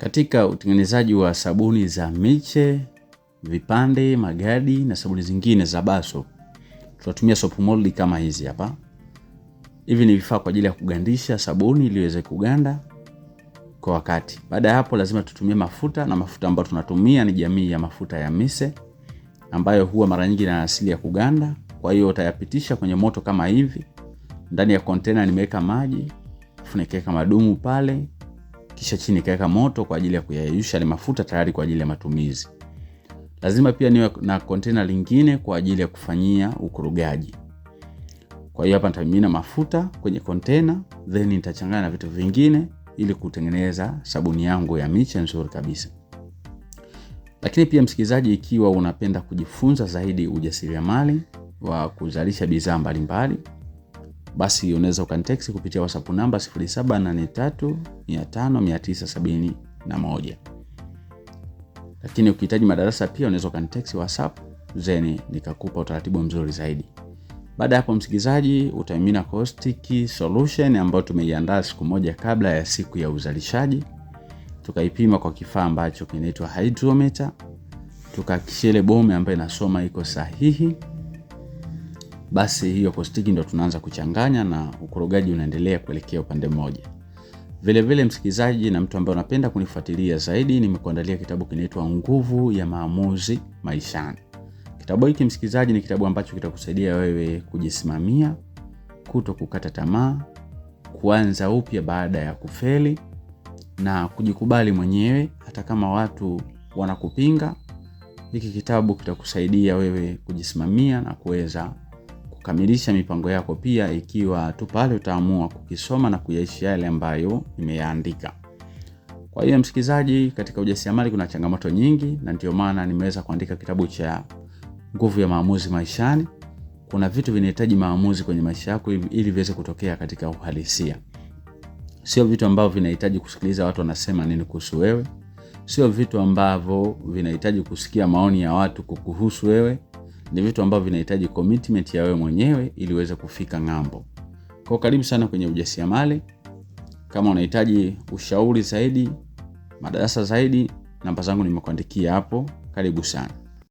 katika utengenezaji wa sabuni za miche, vipande, magadi na sabuni zingine za baso. Tunatumia soap mold kama hizi hapa. Hivi ni vifaa kwa ajili ya kugandisha sabuni ili iweze kuganda kwa wakati. Baada ya hapo, lazima tutumie mafuta na mafuta ambayo tunatumia ni jamii ya mafuta ya mise ambayo huwa mara nyingi na asili ya kuganda. Kwa hiyo utayapitisha kwenye moto kama hivi. Ndani ya kontena nimeweka maji, funika kama dumu pale kisha chini ikaweka moto kwa ajili ya kuyayusha yale mafuta tayari kwa ajili ya matumizi. Lazima pia niwe na kontena lingine kwa ajili ya kufanyia ukurugaji. Kwa hiyo hapa nitamimina mafuta kwenye kontena then nitachanganya na vitu vingine ili kutengeneza sabuni yangu ya miche nzuri kabisa. Lakini pia msikilizaji, ikiwa unapenda kujifunza zaidi ujasiriamali wa kuzalisha bidhaa mbalimbali basi unaweza ukanitext kupitia WhatsApp namba 0783 Lakini ukihitaji madarasa pia unaweza ukanitext WhatsApp zeni nikakupa utaratibu mzuri zaidi. Baada ya hapo, msikilizaji, utamimina caustic solution ambayo tumeiandaa siku moja kabla ya siku ya uzalishaji, tukaipima kwa kifaa ambacho kinaitwa hydrometer, tukakishia ile bomu ambayo inasoma iko sahihi basi hiyo kostiki ndo tunaanza kuchanganya na ukorogaji unaendelea kuelekea upande mmoja. Vilevile msikilizaji na mtu ambaye unapenda kunifuatilia zaidi, nimekuandalia kitabu kinaitwa Nguvu ya Maamuzi Maishani. Kitabu hiki msikilizaji, ni kitabu ambacho kitakusaidia wewe kujisimamia, kuto kukata tamaa, kuanza upya baada ya kufeli na kujikubali mwenyewe hata kama watu wanakupinga. Hiki kitabu kitakusaidia wewe kujisimamia na kuweza kukamilisha mipango yako, pia ikiwa tu pale utaamua kukisoma na kuyaishi yale ambayo nimeyaandika. Kwa hiyo msikilizaji, katika ujasiriamali kuna changamoto nyingi, na ndio maana nimeweza kuandika kitabu cha Nguvu ya Maamuzi Maishani. Kuna vitu vinahitaji maamuzi kwenye maisha yako ili viweze kutokea katika uhalisia, sio vitu ambavyo vinahitaji kusikiliza watu wanasema nini kuhusu wewe, sio vitu ambavyo vinahitaji kusikia maoni ya watu kukuhusu wewe, ni vitu ambavyo vinahitaji commitment ya wewe mwenyewe ili uweze kufika ng'ambo. Kwa karibu sana kwenye ujasiriamali. Kama unahitaji ushauri zaidi, madarasa zaidi, namba zangu nimekuandikia hapo. Karibu sana.